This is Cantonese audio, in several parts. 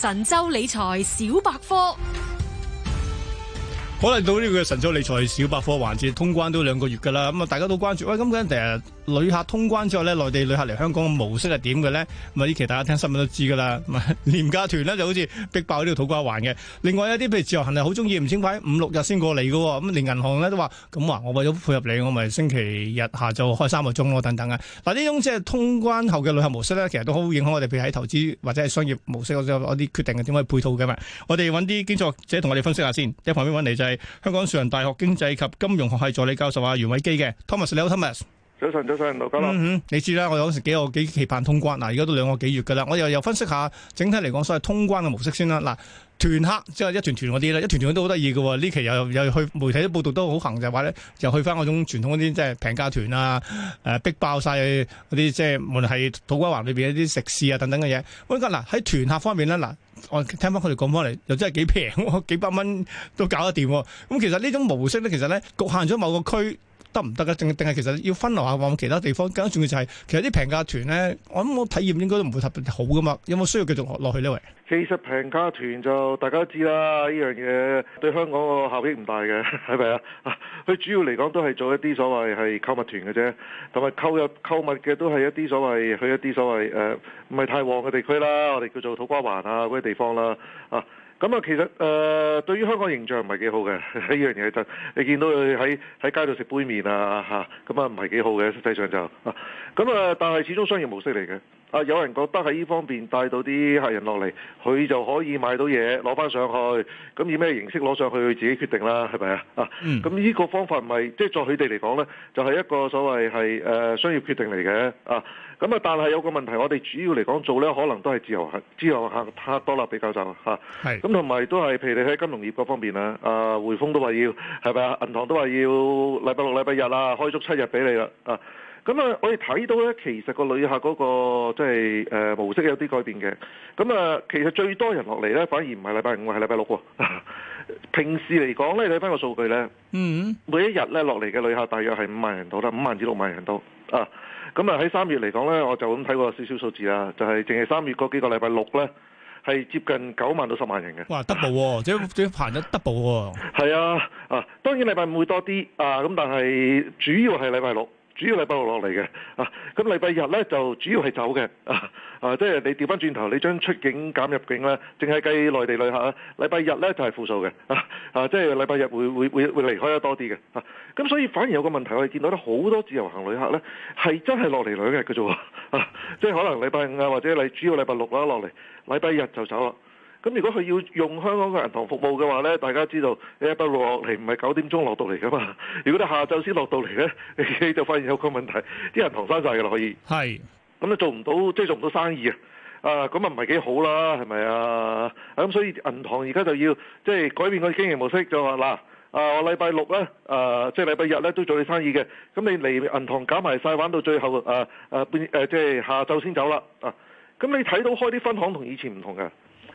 神州理財小百科，可能到呢個神州理財小百科環節，通關都兩個月噶啦，咁啊，大家都關注，喂，咁今第日。旅客通關之後咧，內地旅客嚟香港嘅模式係點嘅呢？咁啊，呢期大家聽新聞都知㗎啦。廉價團呢就好似逼爆呢個土瓜灣嘅。另外一啲譬如自由行，係好鍾意唔清牌，五六日先過嚟嘅。咁連銀行咧都話：咁啊，我為咗配合你，我咪星期日下晝開三個鐘咯，等等嘅嗱。呢種即係通關後嘅旅客模式呢，其實都好影響我哋，譬如喺投資或者係商業模式，我啲決定點可以配套嘅嘛。我哋揾啲經濟學者，即係同我哋分析下先。喺旁邊揾嚟就係香港樹仁大學經濟及金融學系助理教授啊，袁偉基嘅 Thomas，你好 Thomas。早晨早上，盧嘉、嗯嗯、你知啦，我有嗰時幾有幾期盼通關。嗱，而家都兩個幾月噶啦。我又又分析一下整體嚟講，所謂通關嘅模式先啦。嗱，團客即係、就是、一團團嗰啲啦，一團團都好得意噶。呢期又又去媒體都報道都好行，就係話咧，又去翻嗰種傳統嗰啲即係平價團啊，誒逼爆晒嗰啲即係無論係土瓜灣裏邊一啲食肆啊等等嘅嘢。喂，嗱喺團客方面咧，嗱我聽翻佢哋講翻嚟，又真係幾平，幾百蚊都搞得掂。咁其，其實呢種模式咧，其實咧局限咗某個區，得唔得啊？定定係其實要分流下往其他地方？更加重要就係其實啲平價團咧，我諗我體驗應該都唔會特別好噶嘛。有冇需要繼續落落去呢？喂，其實平價團就大家都知啦，呢樣嘢對香港個效益唔大嘅，係咪啊？佢主要嚟講都係做一啲所謂係購物團嘅啫，同埋購入購物嘅都係一啲所謂去一啲所謂誒唔係太旺嘅地區啦，我哋叫做土瓜灣啊嗰啲地方啦啊。咁啊，其實誒、呃、對於香港形象唔係幾好嘅一樣嘢就，你見到佢喺喺街度食杯麵啊嚇，咁啊唔係幾好嘅，實際上就咁啊，啊但係始終商業模式嚟嘅。啊！有人覺得喺呢方面帶到啲客人落嚟，佢就可以買到嘢攞翻上去，咁以咩形式攞上去，佢自己決定啦，係咪啊？啊、嗯，咁呢個方法唔係、就是、即係作佢哋嚟講呢，就係、是、一個所謂係誒、呃、商業決定嚟嘅啊。咁啊，但係有個問題，我哋主要嚟講做呢，可能都係自由客，自由客太多啦，比較就咁，同埋都係，譬如你喺金融業嗰方面啊，啊匯豐都話要係咪啊？銀行都話要禮拜六、禮拜日啦，開足七日俾你啦啊！咁啊，我哋睇到咧，其實個旅客嗰個即係誒模式有啲改變嘅。咁啊，其實最多人落嚟咧，反而唔係禮拜五，係禮拜六喎。平時嚟講咧，你睇翻個數據咧，嗯，每一日咧落嚟嘅旅客大約係五萬人到啦，五萬至六萬人到啊。咁啊，喺三月嚟講咧，我就咁睇過少少數字啦，就係淨係三月嗰幾個禮拜六咧，係接近九萬到十萬人嘅。哇！得步喎，即係即係行咗得步喎。係啊，啊當然禮拜五會多啲啊，咁但係主要係禮拜六。主要禮拜六落嚟嘅，啊，咁禮拜日呢就主要係走嘅，啊，啊，即係你調翻轉頭，你將出境減入境啦，淨係計內地旅客，禮拜日呢就係、是、負數嘅，啊，啊，即係禮拜日會會會會離開得多啲嘅，啊，咁所以反而有個問題，我哋見到呢好多自由行旅客呢係真係落嚟兩日嘅啫喎，即、就、係、是、可能禮拜五啊或者你主要禮拜六啦落嚟，禮拜日就走啦。咁如果佢要用香港嘅銀行服務嘅話呢，大家知道，你一不落嚟唔係九點鐘落到嚟㗎嘛？如果你下晝先落到嚟呢，你就發現有個問題，啲銀行閂曬嘅啦，可以。係，咁你做唔到，即係做唔到生意啊！啊，咁啊唔係幾好啦，係咪啊？咁所以銀行而家就要即係改變個經營模式，就話嗱，啊我禮拜六呢，啊即係禮拜日呢，都做你生意嘅。咁你嚟銀行搞埋晒玩到最後，啊啊即係下晝先走啦。啊，咁你睇到開啲分行同以前唔同嘅。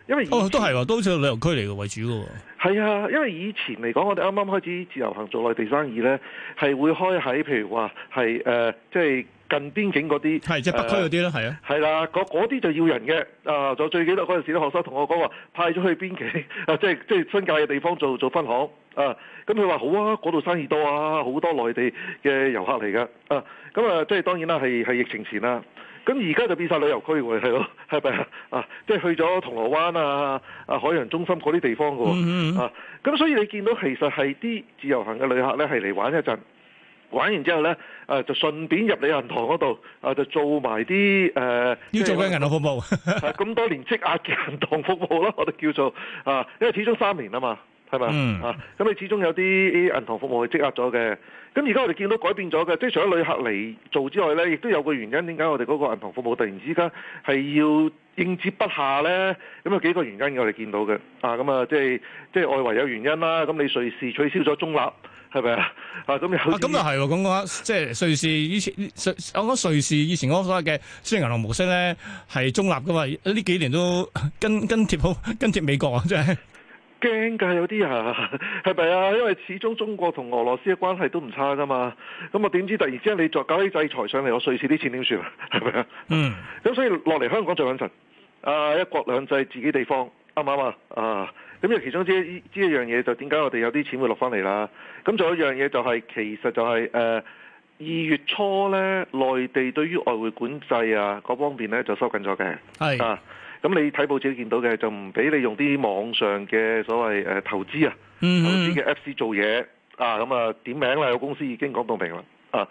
因為哦，都係喎，都好似旅遊區嚟嘅為主嘅喎。係啊，因為以前嚟講，我哋啱啱開始自由行做內地生意咧，係會開喺譬如話係誒，即係、呃就是、近邊境嗰啲。係、呃、即係北區嗰啲啦。係、呃、啊。係啦，嗰啲就要人嘅。啊、呃，就最記得嗰陣時啲學生同我講話派咗去邊境啊，即係即係新界嘅地方做做分行。啊、呃，咁佢話好啊，嗰度生意多啊，好多內地嘅遊客嚟㗎。啊、呃，咁啊，即、呃、係、就是、當然啦，係係疫情前啦。咁而家就變晒旅遊區喎，係咯，係咪啊？啊，即係去咗銅鑼灣啊、啊海洋中心嗰啲地方嘅喎、嗯嗯，啊，咁所以你見到其實係啲自由行嘅旅客咧，係嚟玩一陣，玩完之後咧，誒就順便入你銀行嗰度，啊就做埋啲誒，要做咩銀行服務，咁、啊、 多年積壓嘅銀行服務咯，我哋叫做啊，因為始終三年啊嘛。係咪嗯啊？咁你始終有啲銀行服務係積壓咗嘅。咁而家我哋見到改變咗嘅，即係除咗旅客嚟做之外咧，亦都有個原因點解我哋嗰個銀行服務突然之間係要應接不下咧？咁有幾個原因我哋見到嘅啊，咁啊即係即係外圍有原因啦。咁你瑞士取消咗中立，係咪啊？啊咁咁又係喎，講講即係瑞士以前，我講瑞士以前我個嘅私人銀行模式咧係中立噶嘛？呢幾年都跟跟貼好跟貼美國啊，真係。驚噶，有啲人，係咪啊？因為始終中國同俄羅斯嘅關係都唔差㗎嘛，咁啊點知突然之間你再搞啲制裁上嚟，我瑞士啲錢點算啊？係咪啊？嗯，咁所以落嚟香港最穩陣，啊一國兩制自己地方啱唔啱啊？咁又其中之一之一樣嘢就點解我哋有啲錢會落翻嚟啦？咁仲有一樣嘢就係、是，其實就係誒二月初呢，內地對於外匯管制啊嗰方面呢，就收緊咗嘅，係啊。咁你睇報紙見到嘅，就唔俾你用啲網上嘅所謂誒投資啊，投資嘅 Apps 做嘢、mm-hmm. 啊，咁啊點名啦，有公司已經講到明啦啊。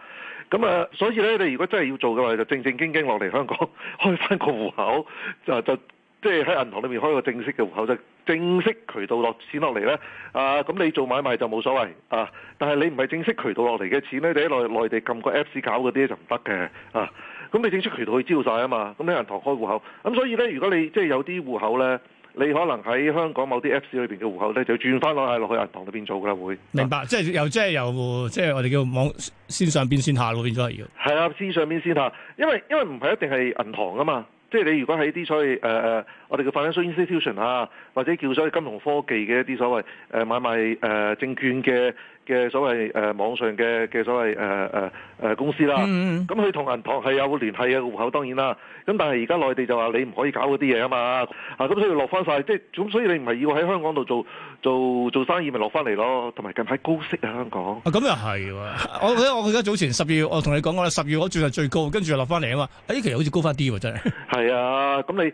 咁啊，所以咧你如果真係要做嘅話，就正正經經落嚟香港開翻個戶口就就即係喺銀行裏面開個正式嘅戶口，就正式渠道落錢落嚟咧啊，咁你做買賣就冇所謂啊，但係你唔係正式渠道落嚟嘅錢咧，你喺內內地撳個 Apps 搞嗰啲就唔得嘅啊。咁你整出渠道去招晒啊嘛，咁你人銀行開戶口，咁所以咧，如果你即係有啲戶口咧，你可能喺香港某啲 Apps 裏面嘅戶口咧，就轉翻落係落去銀行裏面做噶啦會。明白，即係由即係由即係我哋叫網線上變線下喎變咗係要。係啊，線上變線下，因為因為唔係一定係銀行啊嘛。即係你如果喺啲所謂誒誒，我哋嘅 financial institution 啊，或者叫所謂金融科技嘅一啲所謂誒、呃、買賣誒、呃、證券嘅嘅所謂誒、呃、網上嘅嘅所謂誒誒誒公司啦，咁佢同銀行係有聯繫嘅戶口，當然啦。咁、嗯嗯嗯嗯、但係而家內地就話你唔可以搞嗰啲嘢啊嘛，啊咁、啊、所以落翻晒。即係咁所以你唔係要喺香港度做。做做生意咪落翻嚟咯，同埋近排高息啊香港啊咁又係喎，我我我記得早前十月我同你講過啦，我哋十月我轉係最高，跟住就落翻嚟啊嘛，哎其實好似高翻啲喎真係，係啊，咁你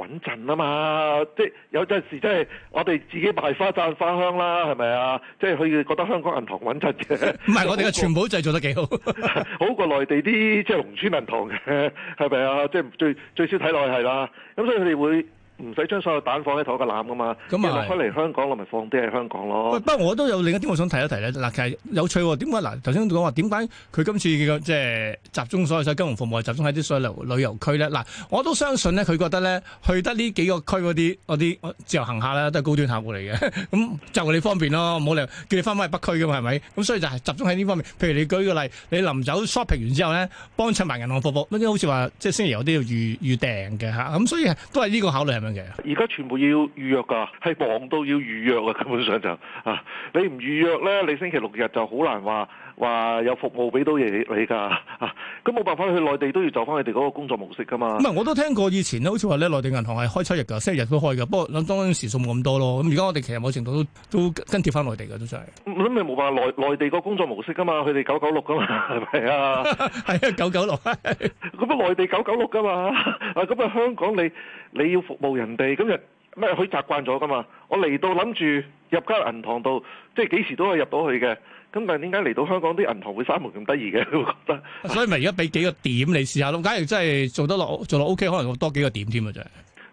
穩陣啊嘛，即係有陣時即係我哋自己賣花讚花香啦，係咪啊？即係佢覺得香港銀行穩陣嘅，唔係我哋嘅全部製造得幾好，好過內地啲即係農村銀行嘅係咪啊？即係最最少睇落係啦，咁所以佢哋會。唔使將所有蛋放喺同一個籃㗎嘛，咁啊攞出嚟香港，我咪放啲喺香港咯。喂，不過我都有另一點我想提一提咧，嗱其實有趣喎、哦，點解嗱頭先講話點解佢今次即係集中所有所金融服務集中喺啲所有旅遊區咧？嗱，我都相信咧，佢覺得咧去得呢幾個區嗰啲啲自由行客啦，都係高端客戶嚟嘅，咁就你方便咯，冇理由叫你翻返去北區㗎嘛，係咪？咁所以就係集中喺呢方面，譬如你舉個例，你臨走 shopping 完之後咧，幫襯埋銀行服務，因為好似話即係星期日有啲要預預訂嘅嚇，咁所以都係呢個考慮係咪？是而家全部要預約㗎，係忙到要預約啊！根本上就啊，你唔預約呢，你星期六日就好難話。話有服務俾到嘢你㗎，咁、啊、冇辦法去內地都要就翻佢哋嗰個工作模式㗎嘛。咁啊，我都聽過以前好似話咧內地銀行係開七日㗎，七日都開㗎。不過諗當時數冇咁多咯。咁而家我哋其實某程度都都跟貼翻內地㗎，都就係。咁咪冇辦法內，內地個工作模式㗎嘛？佢哋九九六㗎嘛？係咪 啊？係啊，九九六。咁啊，內地九九六㗎嘛？啊咁啊，香港你你要服務人哋，咁又咩？佢習慣咗㗎嘛？我嚟到諗住入間銀行度，即係幾時都可以入到去嘅。咁但係點解嚟到香港啲銀行會閂門咁得意嘅？會覺得，所以咪而家俾幾個點你試下咯。假如真係做得落做到 OK，可能會多幾個點添啊！啫係。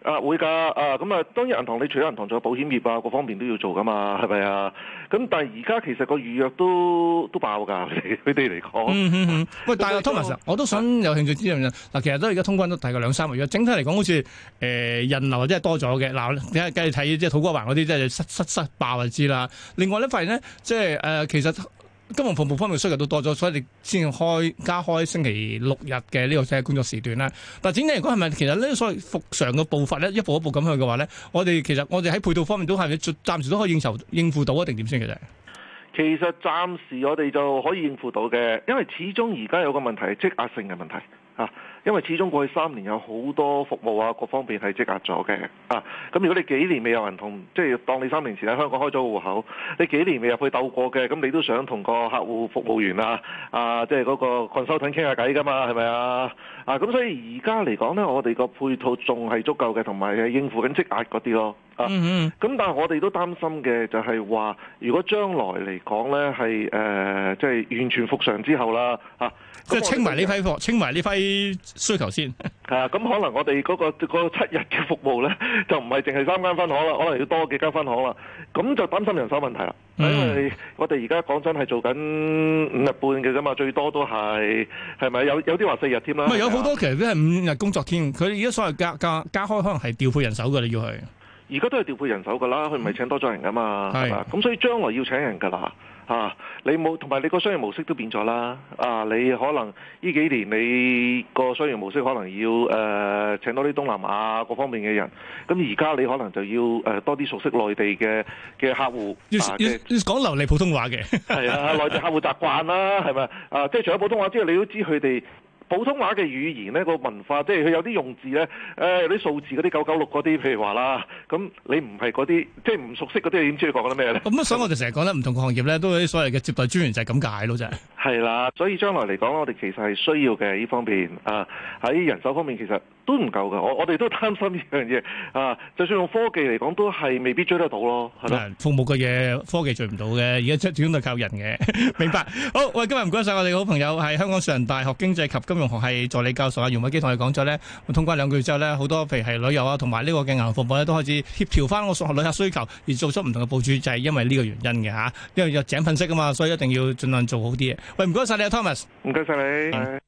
啊會㗎啊咁啊！當然銀行，你除咗銀行仲有保險業啊，各方面都要做㗎嘛，係咪啊？咁但係而家其實個預約都都爆㗎，佢哋嚟講。嗯嗯，嗯喂，但係 Thomas，我都想有興趣知一樣嘢嗱，其實都而家通關都大概兩三個月，整體嚟講好似誒、呃、人流即係多咗嘅。嗱、啊，你睇睇睇即係土瓜灣嗰啲，即係失塞塞爆就知啦。另外一份咧，即係誒、呃、其實。金融服務方面需求都多咗，所以你先開加開星期六日嘅呢個即係工作時段啦。但係整體嚟講係咪其實呢？所謂復常嘅步伐咧，一步一步咁去嘅話咧，我哋其實我哋喺配套方面都係咪暫時都可以應酬應付到啊？定點先嘅啫。其實暫時我哋就可以應付到嘅，因為始終而家有個問題係積壓性嘅問題。因為始終過去三年有好多服務啊，各方面係積壓咗嘅啊。咁如果你幾年未有人同，即係當你三年前喺香港開咗戶口，你幾年未入去鬥過嘅，咁你都想同個客戶服務員啊啊，即係嗰個困收銀傾下偈㗎嘛，係咪啊？啊咁所以而家嚟講呢，我哋個配套仲係足夠嘅，同埋係應付緊積壓嗰啲咯。嗯、啊、嗯，咁但係我哋都擔心嘅就係話，如果將來嚟講咧，係誒即係完全復常之後啦，吓即係清埋呢批貨，清埋呢批需求先。係啊，咁可能我哋嗰、嗰個七日嘅服務咧，就唔係淨係三間分行啦，可能要多幾間分行啦。咁就擔心人手問題啦、嗯，因為我哋而家講真係做緊五日半嘅啫嘛，最多都係係咪有有啲話四日添啊？係有好多其實都係五日工作天，佢而家所謂加加加開，可能係調配人手噶你要去。而家都係調配人手㗎啦，佢唔係請多咗人㗎嘛，係嘛？咁所以將來要請人㗎啦，嚇、啊！你冇同埋你個商業模式都變咗啦，啊！你可能呢幾年你個商業模式可能要誒、呃、請多啲東南亞各方面嘅人，咁而家你可能就要誒、呃、多啲熟悉內地嘅嘅客戶要、啊要，要講流利普通話嘅，係 啊，內地客戶習慣啦、啊，係咪？啊，即係除咗普通話之外，你都知佢哋。普通話嘅語言咧，個文化即係佢有啲用字咧，誒、呃、有啲數字嗰啲九九六嗰啲，譬如話啦，咁你唔係嗰啲，即係唔熟悉嗰啲，你點知你講緊咩咧？咁所以我哋成日講呢唔同嘅行業咧，都有啲所謂嘅接待專員就係咁解咯，啫係。係啦，所以將來嚟講，我哋其實係需要嘅呢方面啊，喺人手方面其實。都唔夠噶，我我哋都擔心呢樣嘢啊！就算用科技嚟講，都係未必追得到咯，係咯。服務嘅嘢，科技追唔到嘅，而家即係主要靠人嘅，明白？ 好，喂，今日唔該晒我哋嘅好朋友，係香港樹仁大學經濟及金融學系助理教授阿袁偉基，同你講咗咧，通關兩個月之後咧，好多譬如係旅遊啊，同埋呢個嘅銀行服務咧，都開始協調翻個數學旅客需求，而做出唔同嘅部署。就係、是、因為呢個原因嘅嚇，因為有井噴式噶嘛，所以一定要盡量做好啲嘢。喂，唔該晒你啊，Thomas，唔該晒你。Thomas, 謝謝你嗯。